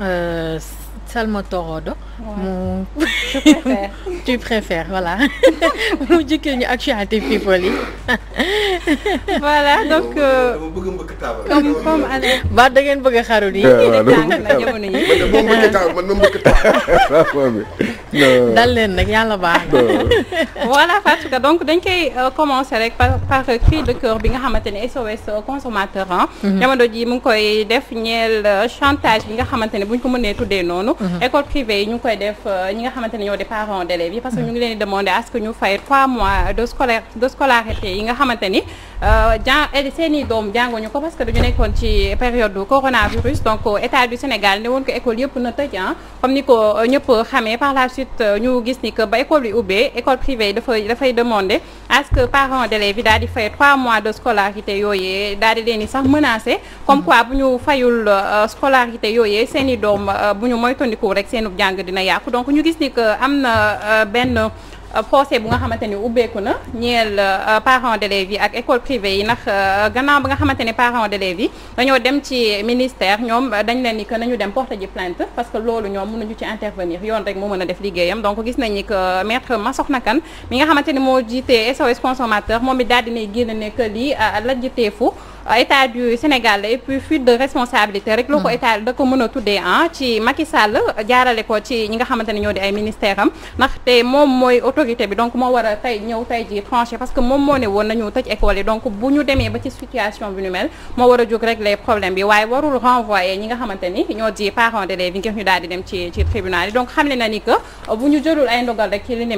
Euh... salmatorodo mu tu préfères voilà mu jëkkee ñu actualité people yi voilà donc euh, comme comme année ba da bëgg a xarul eh, yi dal leen nag yàlla baax voilà parce que donc dañ koy euh, commencer rek par par cri de cœur bi nga xamante SOS euh, consommateur an mhm. jamono ji mu ngi koy def ñeel chantage bi nga xamante buñ ko mënee tudd de noonu mhm. école privée yi ñu koy def euh, ñi nga xamante ne ñoo di parents d'élèves yi parce que ñu ngi leen demander à ñu fay trois mois de scolaire de scolarité yi nga xamante ni Euh, jàng eh, seen i doom jànguñu ko parce que dañu nekkoon ci période du coronavirus donc euh, état du Sénégal ne woon ko école yëpp na tëj ah comme ni ko euh, ñëpp xamee par la suite ñu gis ni que ba école bi ubbee école privée dafay dafay demander à ce que parents d'élèves bi daal di fay 3 mois de scolarité yooyee daal di leen di sax menacé comme quoi bu ñu fayul scolarité yooyee seen i doom bu ñu moytandiku rek seenub jàng dina yàqu donc ñu gis ni que am na benn procès bu nga xamante ni ubbeeku na ñeel euh, parents d'élèves yi ak école privée yi ndax euh, gannaaw ba nga xamante ni parents d'élèves yi dañoo dem ci ministère ñoom dañ leen ni que nañu dem porter ji parce que loolu ñoom mënuñu ci intervenir yoon rek moo mën a def liggéeyam donc gis nañ ni metre ma Massokhna Kane mi nga xamante ni moo jiite SOS consommateur moom it daal dinay génn ne que lii euh, lajjiteefu état du Sénégal la et puis fuite de responsabilité rek loo ko hmm. état da ko mën a tuddee ah ci Macky Sall jaarale ko ci ñi nga xamante ne ñoo di ay ministère am ndaxte moom mooy autorité bi donc moo war a tey ñëw tey ji tranché parce que moom moo ne woon nañu tëj école yi donc bu ñu demee ba ci situation bi nu mel moo war a jóg régler problème bi waaye warul renvoyer ñi nga xamante ni ñoo ji parents d'élèves yi ngir ñu daal di dem ci ci tribunal yi donc xam ne na ni que bu ñu jëlul ay ndogal rek ci li ni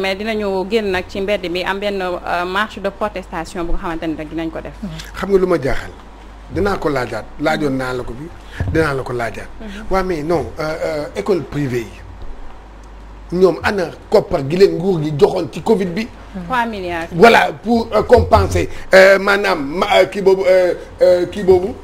génn nag ci mbedd mi am benn euh, marche de protestation bu nga xamante ni rek dinañ ko def xam nga lu ma jaaxal dinaa ko laajaat laajoon naa la ko bi dinaa la ko laajaat. Mhm. waaw mais non euh, euh, école privée yi ñoom ana koppar gi leen nguur gi joxoon ci Covid bi. 3 mhm. voilà pour euh, compenser maanaam ma kii boobu kii boobu.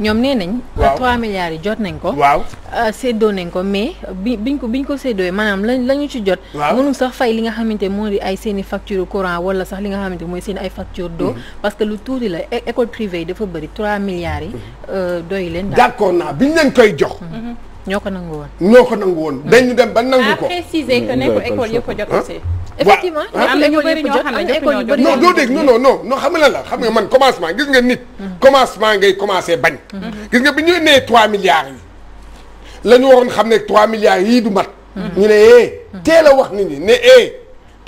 ñoom nee nañ. waaw 3 milliards yi jot nañ ko. waaw euh, seddoo nañ ko mais bi biñ ko biñ ko séddoo maanaam lañ lañu ci jot. waaw mënul sax fay li nga xamante moo di ay seen facture courant wala sax li nga xamante mooy seen ay facture d'eau mm-hmm. parce que lu tuuti la école privée yi dafa bëri 3 milliards yi. Mm-hmm. Euh, doy leen daal d'accord naa biñ leen koy jox. Mm-hmm. ñoo ko nangu woon. ñoo ko nangu woon. dañu dem ba nangu ko. à préciser que nekkul école yëpp ko jot aussi. effectivement am na ñu bëri ñoo xam ne la xam nga man commencement gis nga nit mm-hmm. commencement ngay commencé bañ mm-hmm. gis nga bi ñu nee trois milliards yi la ñu waroon xam ne trois milliards yii du mat mm-hmm. ñu ne ee eh, teel wax nit ñi ne ee eh,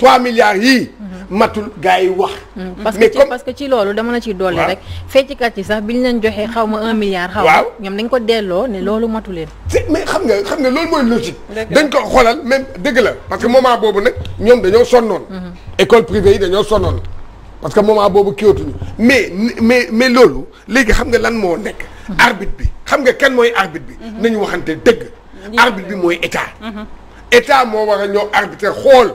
3 milliards yii. matul gars yi wax. Mm-hmm. mais comme parce que ci loolu dama la ciy dolli rek. kat yi sax bi ñu leen joxee xaw ma 1 milliard. xaw ma ñoom dañ ko delloo ne loolu matuleen. mais xam nga xam nga loolu mooy logique. dañ ko xoolal même dëgg la parce que moment boobu nag ñoom dañoo sonnoon. Mm-hmm. école privée yi dañoo sonnoon. parce que moment boobu kiiwatuñu mais mais mais loolu léegi xam nga lan moo nekk. Mm-hmm. arbitre bi xam nga kenn mooy arbitre bi. nañu waxante dëgg. arbitre bi mooy état. état moo war a ñoo arbitrer xool.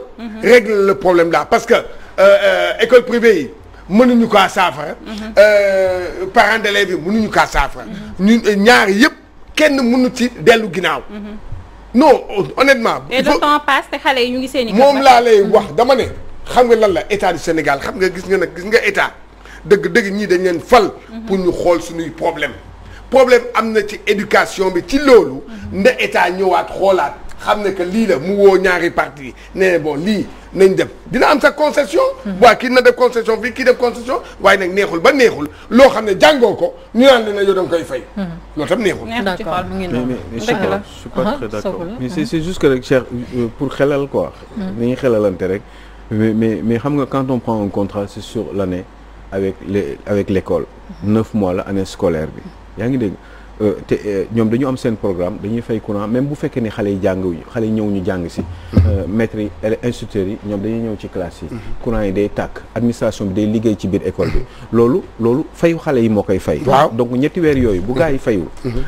régler le problème là parce que euh, euh, école privée yi. mënuñu kaa saafara. Mhm. Euh, parents d'élèves yi mënuñu kaa saafara. Mhm. ñu ñaar yëpp kenn mënu ci dellu ginnaaw. Mhm. non honnêtement. et le temps passe yi ñu ngi seen moom laa lay wax dama ne. xam nga lan la état du Sénégal xam nga gis nga nag gis nga état dëgg dëgg ñii dañ leen fal. pour ñu xool suñuy problème problème am na ci éducation bi ci loolu. nda état ñëwaat xoolaat. xam ne que lii la mu woo ñaari parti yi ne bon lii nañ def dina am sa concession mhm. waaye kii na def concession fii kii def concession waaye nag neexul ba neexul loo xam ne jàngoo ko ñu naan ne na yow danga koy fay mhm. loolu tam neexul mais je suis pas très d'accord mais c'est mhm. c'est juste que rek cher euh, pour xelal quoi nañu xelalante rek mais mais xam nga quand on prend un contrat c'est sur l'année avec les l'école neuf mois la année scolaire bi yaa ngi dégg Euh, te euh, ñoom dañu am seen programme dañuy fay courant même bu fekkee ni xale yi jànguñu xale yi ñëw ñu jàng si mhm. euh, maîtres yi instituteurs yi ñoom dañuy ñëw ci classe yi mhm. courant yi day tàkk administration bi day liggéey ci biir école bi mhm. loolu loolu fayu xale yi moo koy fay waaw donc ñetti weer yooyu bu gars yi fayul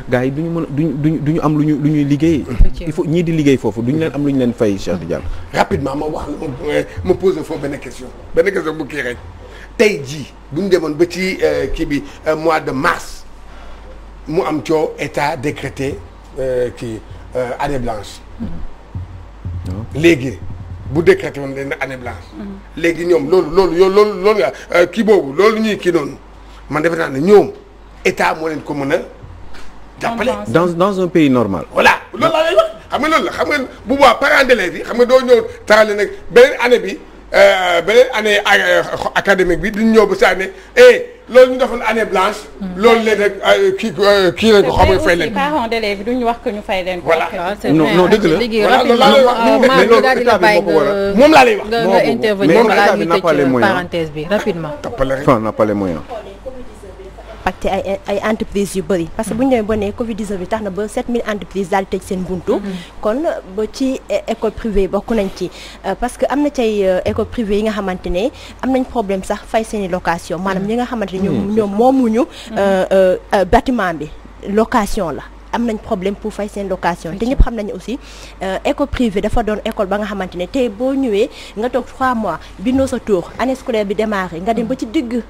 gars yi duñu mën duñu duñu duñu am lu ñu lu ñuy liggéey il faut ñii di liggéey foofu duñu leen am lu ñu leen fay Cheikh Tidiane rapidement ma wax ma posé foofu benn question benn question bu kii demoon ba ci kii bi mois de mars mu am coow état décrété euh, kii euh, année blanche. Mm-hmm. léegi bu décrété woon leen année blanche. Mm-hmm. léegi ñoom loolu loolu yow loolu loolu nga euh, kii boobu loolu ñuy kii noonu man defe naa ne ñoom état moo leen ko mën a. jàppale dans dans un pays normal. voilà loolu laa lay wax xam nga loolu la xam nga bu boobaa parents d'élèves yi xam nga doo ñëw taxale nag beneen année bi beneen année académique bi duñ ñëw ba saa ne eh, loolu ñu defoon année blanche. Hmm. loolu léegi rek kii euh, kii lañ ko xamul fay leen. parents d'élèves bi duñu wax que ñu fay leen. voilà non non dëgg la euh, moom laa lay wax. nga intervenir moom laa lay wax moom laa lay wax moom na lay wax moom laa lay wax moom laa lay wax moom impacté ay ay entreprise yu bëri parce que bu ñu demee ba ne Covid 19 bi tax na ba 7000 entreprises daal di tëj seen buntu. Mm-hmm. kon ba ci école privée bokk nañ ci euh, parce que am na cay euh, école privée yi nga xamante ne am nañ problème sax fay seen i location mm-hmm. maanaam ñi nga xamante ne ñoom mm-hmm. ñoom moomuñu euh, batiment bi location la. am nañ problème pour fay seen location te ñëpp xam nañu aussi école privée dafa doon école ba nga xamante ne tey boo ñëwee nga toog 3 mois bindoo sa tour année scolaire bi démarré nga dem ba ci digg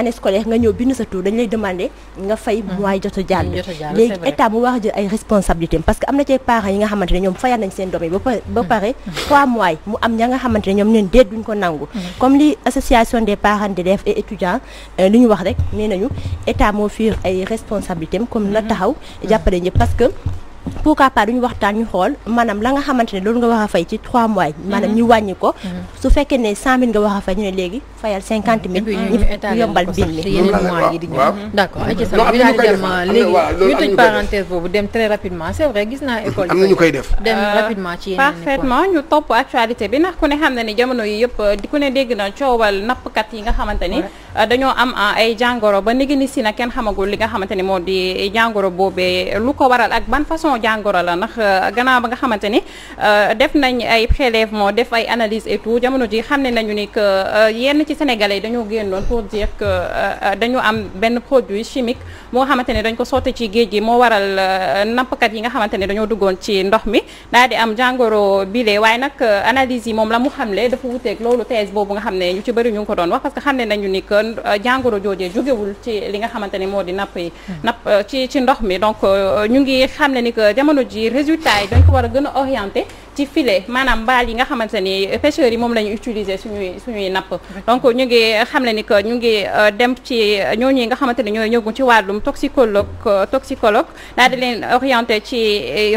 année scolaire nga ñëw bind sa tur dañ lay demander nga fay mhm. mooy jot a jàll mm, léegi état mu war a jël ay responsabilité parce que am na ci parents yi nga xamante ne ñoom fayaat nañ seen doom yi ba pare mm. Mm. trois mois mu am ña nga xamante ne ñoom neen déet duñ ko nangu comme li association des parents d'élèves et étudiants euh, li ñu wax rek nee nañu état moo fiir ay responsabilité comme na mm-hmm. taxaw jàppale ñëpp que pourquoi pas duñu waxtaan ñu xool maanaam la nga xamante ne loolu nga war a fay ci 3 mois mhm. maanaam ñu wàññi ko mhm. su fekkee ne 100000 nga war a fay ñu ne léegi fayal 50000 ñu yombal bin mi mois yi di ñëw mhm. ñu boobu dem très rapidement c'est gis naa école am ñu koy def euh, dem rapidement ci ñu topp actualité bi ndax ku ne xam na ne jamono yi yëpp ku ne dégg na coowal nappkat yi nga xamante ni Euh, dañoo am euh, ay jàngoro ba nigi ni si na kenn xamagul li nga xamante ni moo di jàngoro boobee lu ko waral ak ban façon jàngoro la ndax euh, gannaaw ba nga xamante ni def nañ ay prélèvement def ay analyse et tout jamono ji xam ne nañu ni que yenn ci sénégalais yi dañoo génnoon pour dire am benn produit chimique moo xamante ni dañ ko sotti ci géej gi moo waral nappkat yi nga xamante ni dañoo duggoon ci ndox mi daal di am jàngoro bile waaye nag analyse yi moom la mu xamle dafa wuteeg loolu thèse boobu nga xam ne ñu ci bëri ñu ngi ko doon wax parce que xam ne nañu ni Euh, euh, jàngoro jooje jógewul ci li nga xamante ne moo di napp yi hmm. napp euh, ci ci ndox mi donc ñu ngi xam ne ni que jamono ji résultat yi dañ ko war a gën a orienté ci filet maanaam mbaal yi nga xamante ni pêcheurs yi moom la ñu utiliser suñuy suñuy napp donc ñu ngi xam le ni que ñu ngi euh, dem ci euh, ñooñu nga xamante ni ñooy ñëgu ci wàllum toxicologue euh, toxicologue daal di leen orienté ci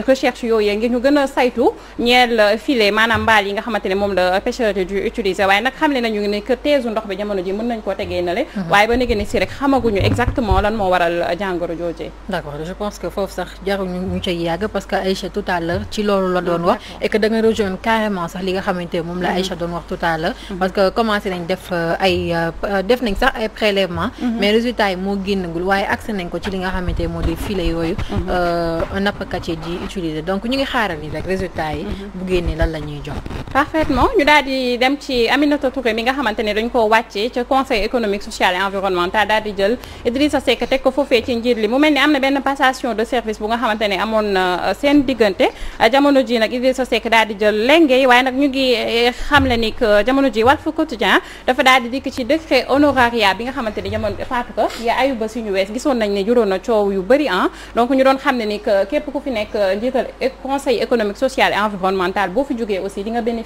recherche yooyu ngir ñu gën a saytu ñeel filet maanaam mbaal yi nga xamante ne moom la pêcheurs yi du utiliser waaye nag xam le nañu ne que teesu ndox bi jamono ji mën nañ koo tegee na le mhm. waaye ba négé ni si rek xamaguñu exactement lan moo waral jàngoro joojee d'accord je pense que foofu sax jarul ñu ñu ci loolu la doon que da nga rejoindre carrément sax li nga xamante moom la mhm. Aïcha doon wax tout à l'heure mhm. parce que commencé nañ def euh, ay euh, def nañ sax ay prélèvement mhm. mais résultat yi moo génnagul waaye accès nañ ko ci li nga xamante moo di filet yooyu euh, nappkat yi di utiliser donc ñu ngi xaaral yi rek résultat yi bu génnee lan la ñuy jox parfaitement ñu daal di dem ci Aminata Touré mi nga xamante ne dañ koo wàccee ca conseil économique social environnemental daal di jël Idrissa Seck teg ko foofee ci njiit li mu mel ni am na benn passation de service bu nga xamante ne amoon na euh, seen diggante euh, jamono ji nag Idrissa Seck daal di jël lenge waaye nag ñu ngi euh, xam le ni que jamono ji Walf Quotidien dafa daal dikk ci décret honoraria bi nga xamante jamono faatu ko ya ayu ba suñu wees gisoon na coow yu bëri ah donc ñu doon xam ne ni que képp ku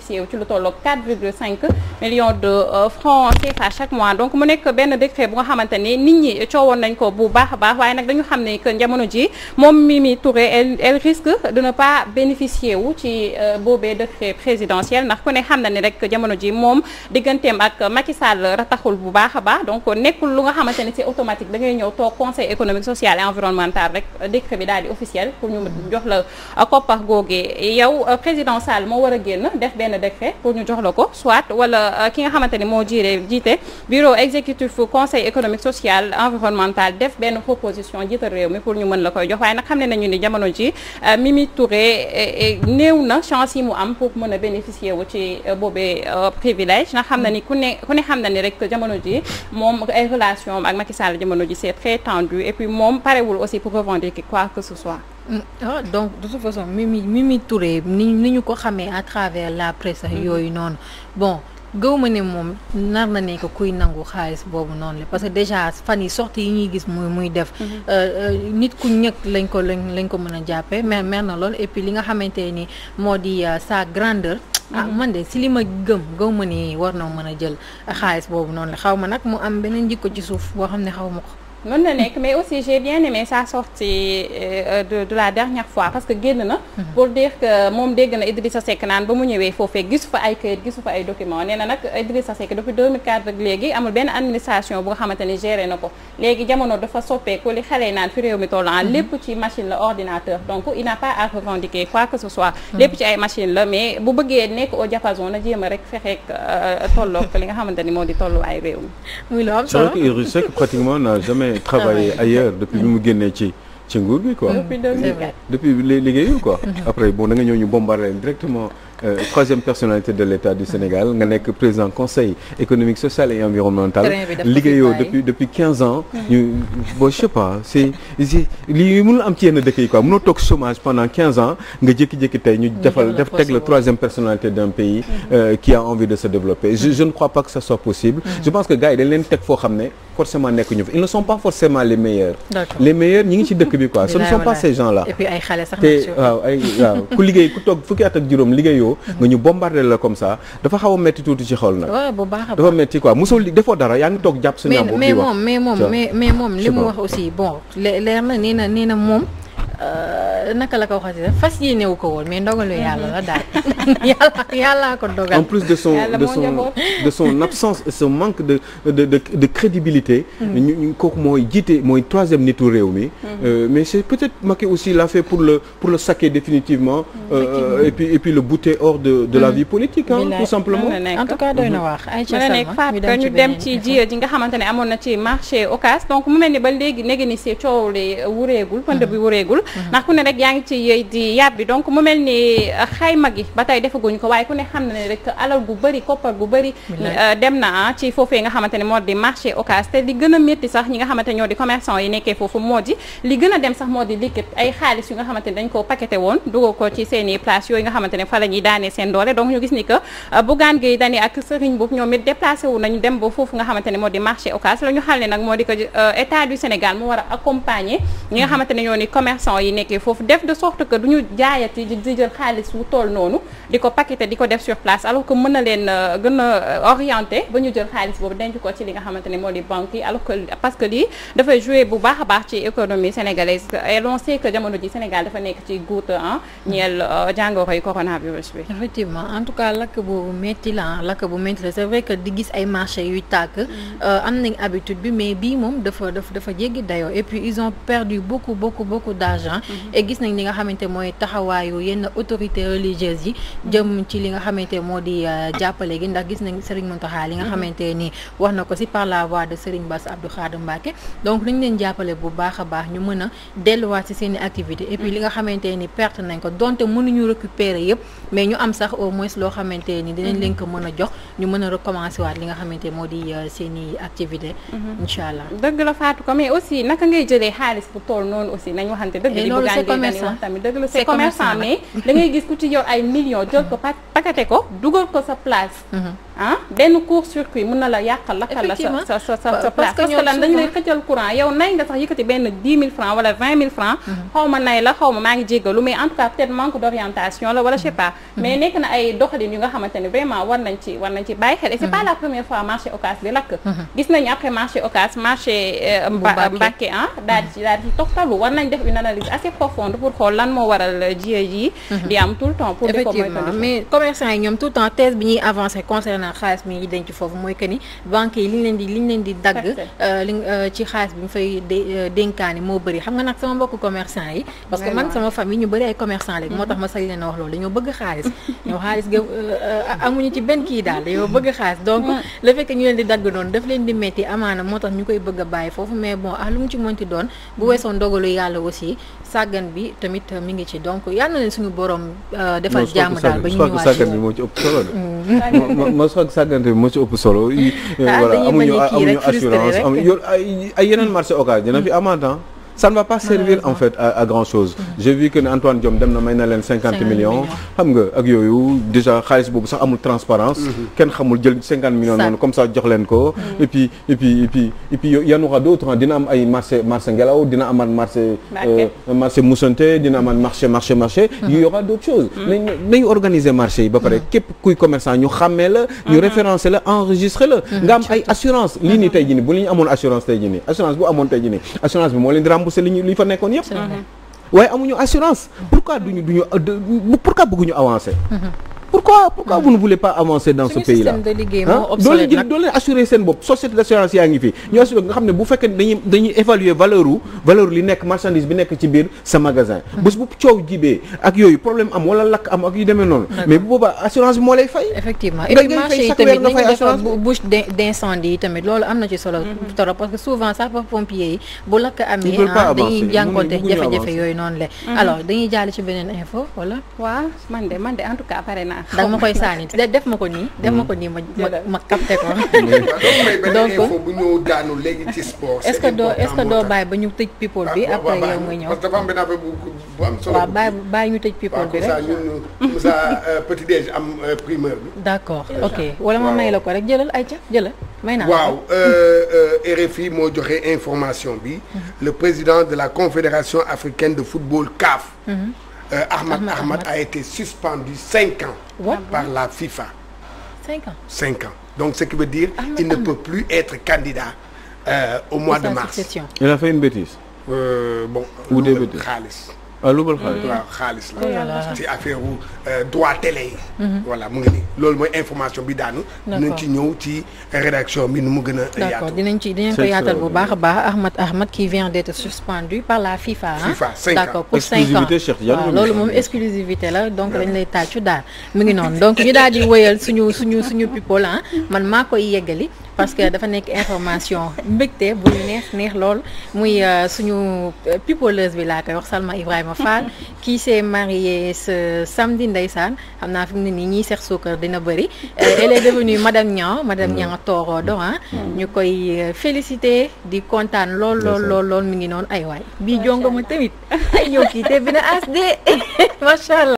bénéficier wu ci lu tolloog 4,5 millions de euh, francs CFA chaque mois donc mu nekk benn décret bu nga xamante nit ñi coowoon nañ ko bu baax a baax waaye nag dañu xam ne que jamono ji moom Mimi Touré elle elle risque de ne pas bénéficier wu ci euh, boobee décret présidentiel ndax ku ne xam na ni rek jamono ji moom digganteem ak Macky Sall rataxul bu baax a baax donc nekkul lu nga xamante ni c'est automatique da ngay ñëw toog conseil économique social et environnemental rek décret bi daal di officiel pour ñu euh, a benn décret pour ñu jox la ko soit wala euh, ki nga xamante ni moo jiite jiite bureau exécutif conseil économique social environnemental def benn proposition jiital réew mi pour ñu mën la koy jox waaye nag xam ne nañu ni jamono ji mi euh, Mimi Touré euh, néew na chance yi mu am pour mën a bénéficier wu ci boobee privilège ndax xam na ni ku ne ku ne xam na ni rek jamono ji moom ay relation ak Macky Sall jamono ji c'est très tendu et puis moom parewul aussi pour revendiquer quoi que ce soit Mm, ah donc de toute façon Mimi Mimi Touré ni ni ñu ko xamee à travers la presse mm-hmm. yooyu noonu bon gëw ma ne moom nar na nekk kuy nangu xaalis boobu noonu la parce que déjà fan yi sorties yi ñuy gis muy muy def. Mm-hmm. Euh, euh, nit ku ñëkk lañ ko lañ lañ ko mën a jàppee mer mer na lool et puis li nga xamante ni moo di euh, sa grandeur. ah mm-hmm. man de si li ma gëm gëw ma ni war na mën a jël xaalis boobu noonu la xaw ma nag mu am beneen jikko ci suuf boo xam ne xaw ma ko. mën na nekk mais aussi j'ai bien aimé sa sortie euh, euh, de de la dernière fois parce que génn na. Mhm. pour dire que moom dégg na Idrissa Seck naan ba mu ñëwee foofee gisu fa ay këyit gisu fa ay documents nee na nag Idrissa Seck depuis 2004 ak léegi amul benn administration bu nga xamante ni géré na ko léegi jamono dafa soppeeku li xale naan fi réew mi tollan mhm. lépp ci machine la ordinateur donc il n'a pas à revendiquer quoi que ce soit. Mhm. lépp ci ay machine la mais bu bëggee nekk au diapason na jéem rek fexeek euh, tolloog li nga xamante ni moo di tolluwaay réew travaillé ailleurs depuis bi mu génnee ci ci nguur gi quoi depuis liggéeyu quoi après bon da nga ñëw ñu bombardé directement Euh, troisième personnalité de l'État du Sénégal nga nekk président conseil économique social et environnemental liggéeyoo depuis depuis quinze ans hmm. ñu bon je c'est lii mënul am ci yenn dëkk yi quoi mënoo toog pendant quinze ans nga jékki-jékki tey ñu hmm. defal la troisième personnalité d'un pays hmm. euh, qui a envie de se développer je, ne crois pas que ça soit possible je pense que gars yi dañ leen teg foo nekk ñu fa ils ne sont pas forcément les meilleurs les meilleurs ñi ngi ci dëkk vidéo nga ñu bombardé la comme ça dafa xaw a metti tuuti ci xol nag waaw bu baax dafa metti quoi mosoo li defoo dara yaa ngi toog jàpp sa ñaam mais moom mais moom mais moom li mu wax aussi bon leer na nee na nee na moom euh, naka la ko waxati sax fas yéene wu ko woon mais ndogalu mhm. yàlla la daal yàlla yàlla ko dogal. en plus de son de son de son absence ce manque de de de de crédibilité. Mhm. ñu mooy jiite mooy troisième nitu réew mi. Mhm. Euh, mais c'est peut-être Macky aussi l'a fait pour le pour le saquer définitivement. Euh, euh, et puis et puis le bouter hors de de la vie politique hein, tout simplement. en tout cas doy na wax ay ca nekk ñu dem ci ji ji nga xamante ne amoon na ci marché Ocass donc mu mel ni ba léegi néegi ni si coow li wureegul bi wureegul ndax ku yaa ngi ci yooyu di yàbbi donc mu mel ni euh, xayma gi ba tey defaguñ ko waaye ku ne xam na ne rek alal gu bëri koppar gu bëri euh, dem na ah, ci moo di marché occas te li gën a métti sax nga xamante ñoo di commerçant yi nekkee foofu moo a dem sax moo di liquide ay xaalis yu nga xamante dañ koo paqueté woon dugal ko ci seen place yooyu nga xamante fa la ñuy daanee seen doole donc ñu euh, dem ba foofu nga xamante ne moo di marché occas la ñu xam ne nag moo di que du Sénégal mu war a ñi nga xamante ñoo ni commerçant yi nekkee foofu def de sorte que du ñu jaayati di jël xaalis wu toll noonu di ko paqueté di ko def sur place alors que mën na leen euh, gën a euh, orienté ba jël xaalis boobu denc ko ci li nga xamante ne moo di banque yi alors que parce que li dafay jouer bu baax a baax ci économie sénégalaise et on sait que jamono ji Sénégal dafa nekk ci gout ah ñeel euh, jàngoro yi coronavirus bi. effectivement en tout cas lakk bu métti la lakk bu métti la c'est vrai que di gis ay marché yuy tàkk mm. am nañ habitude bi mais bii moom dafa dafa dafa jéggi dayoo et puis ils ont perdu gis nañ li nga xamante mooy taxawaayu euh, mhm. na ko si par la voix de Serigne Bass Abdou Khadre Mbacké donc nañ leen jàppale bu baax a baax ñu mën a delluwaat si seen i activité et mhm. li nga xamante ni perte nañ ko donte mënuñu récupérer yëpp mais ñu am sax au moins loo xamante ni dinañ leen mhm. ko mën a jox ñu mën a recommencer waat li nga xamante moo di euh, seen i activité incha allah dëgg la Fatou ko mais aussi naka ngay jëlee xaalis bu tool noonu aussi nañ waxante dëgg commerçant wax tamit dëgg la mais da gis ku ci yor ay millions jël ko pakate ko dugal ko sa place mm-hmm. ah, benn court circuit mun na la yàqal lakkal la sa place parce que lan dañu nga sax yëkkati benn dix mille francs wala vingt mille francs mm-hmm. xaw ma nay la xaw maa ngi jéggalu mais en tout cas peut d'orientation la wala je pas mm-hmm. mais nekk na ay doxalin yu nga xamante vraiment war nañ ci war nañ ci bàyyi xel et c'est pas la première fois marché Ocass di lakk pour xool lan moo waral jiye ji di am tout le temps pour effectivement mais commerçant yi ñoom tout le temps thèse bi ñuy avancé concernant xaalis bi ñuy denc foofu mooy que ni yi li ñu leen di li leen di dagg euh, li euh, ci xaalis bi ñu fay euh, dénkaani moo bari xam nga nag sama mbokk commerçant yi parce que man sama famille ñu bëri ay commerçant lañ moo tax ma mhm. sañ leen a wax loolu dañoo bëgg xaalis ñoo xaalis ga amuñu ci benn kii daal dañoo bëgg xaalis donc le fait ñu leen di dagg noonu daf leen di metti amaana moo tax ñu koy bëgg bàyyi foofu mais bon ah lu mu ci mënti doon bu mhm. weesoon sàggan bi tamit uh, mi ngi ci donc yàlla na leen suñu borom. Uh, defal jàmm daal ba ñu ñëwaat sàggan bi moo ci ëpp solo de. ma soog sàggan bi moo ci ëpp solo. voilà amuñu amuñu assurance amuñu ay yeneen marché occasion dina fi amaat ah. sa ne va pas servir en fait à, à grand chose j'ai vu que ne Antoine Diome dem na may na leen cinquante millions xam nga ak yooyu déjà xaalis boobu sax amul transparence mhm. kenn xamul jël cinquante millions noonu comme sa jox leen ko mhm. et puis et puis et puis et puis y en aura d'autres dina am ay marché marché ngelaw dina amaat marché marché euh, Moussante dina amaat marché marché marché mhm. y aura d'autres choses nañ nañ organiser marché yi ba pare képp kuy commerçant ñu xàmmee la ñu référencé la enregistré la nga am ay assurance lii nii tey jii nii bu li ñu amoon assurance tey jii nii rembourser li ñu li fa nekkoon yëpp waaye amuñu assurance pourquoi duñu duñu pourquoi bëgguñu avancer mm-hmm. pourquoi pourquoi vous ne voulez pas avancer dans ce pays là doo leen jël seen bopp société d'assurance yaa ngi fi ñu assuré nga xam ne bu fekkee dañuy évaluer valeur u valeur li nekk marchandise bi nekk ci biir sa magasin hmm. bu coow jibee ak yooyu problème am wala lakk am ak yu demee noonu mais bu assurance bi moo lay fay effectivement et yi tamit ni ñu defar bouche d'incendie yi tamit loolu am na ci solo hmm. trop parce que souvent sapeurs pompiers da nga ma koy sànni def ma ko nii. def ma ko nii ma ma mm. ma capté ko. donc bu ñu daanu ce que doo est ce que doo bàyyi ba ñu tëj people bi ah, après yow nga ñëw. parce waaw bàyyi bàyyi ñu tëj people bi rek waaw d' accord ok wala ma may la ko rek jëlal ay ca jëlal may naa. waaw euh, euh, RFI moo joxe information bi. Mm-hmm. le président de la confédération africaine de football CAF. Mm-hmm. Euh, Ahmad, Ahmad, Ahmad a été suspendu 5 ans What? par la FIFA. 5 ans 5 ans. Donc ce qui veut dire Ahmad, il ne peut plus être candidat euh, au mois de mars. Il a fait une bêtise. Euh, bon, ou des bêtises xaalis. ah euh, lubal xaalis mm. waaw xaalis la. ci affaire euh, mm-hmm. loolu mooy information bi daanu. dinañ ci ñëw ci rédaction bi nu mu gën a. yaatu ci dinañ ko bu baax a baax Ahmad Ahmad qui vient d' être suspendu par d' accord pour cinq ans waaw loolu moom exclusivité la donc dañ lay tàccu daal mu ngi noonu donc ñu daal di wëyal suñu suñu suñu people man maa koy yeggali. parce que dafa nekk information mbégte bu ñu neex neex lool muy euh, suñu euh, pipoleuse bi laa koy wax Salma Ibrahima Fall qui s'est mariée ce samedi ndeysaan xam naa fi mu ne nii ñiy seex suukar dina bëri euh, elle est devenue madame Niang madame Niang Toro Doran mm. ñu koy féliciter di kontaan lool lool lool lool ngi noonu ay waay bii jongo tamit ay kii te bi na as de macha allah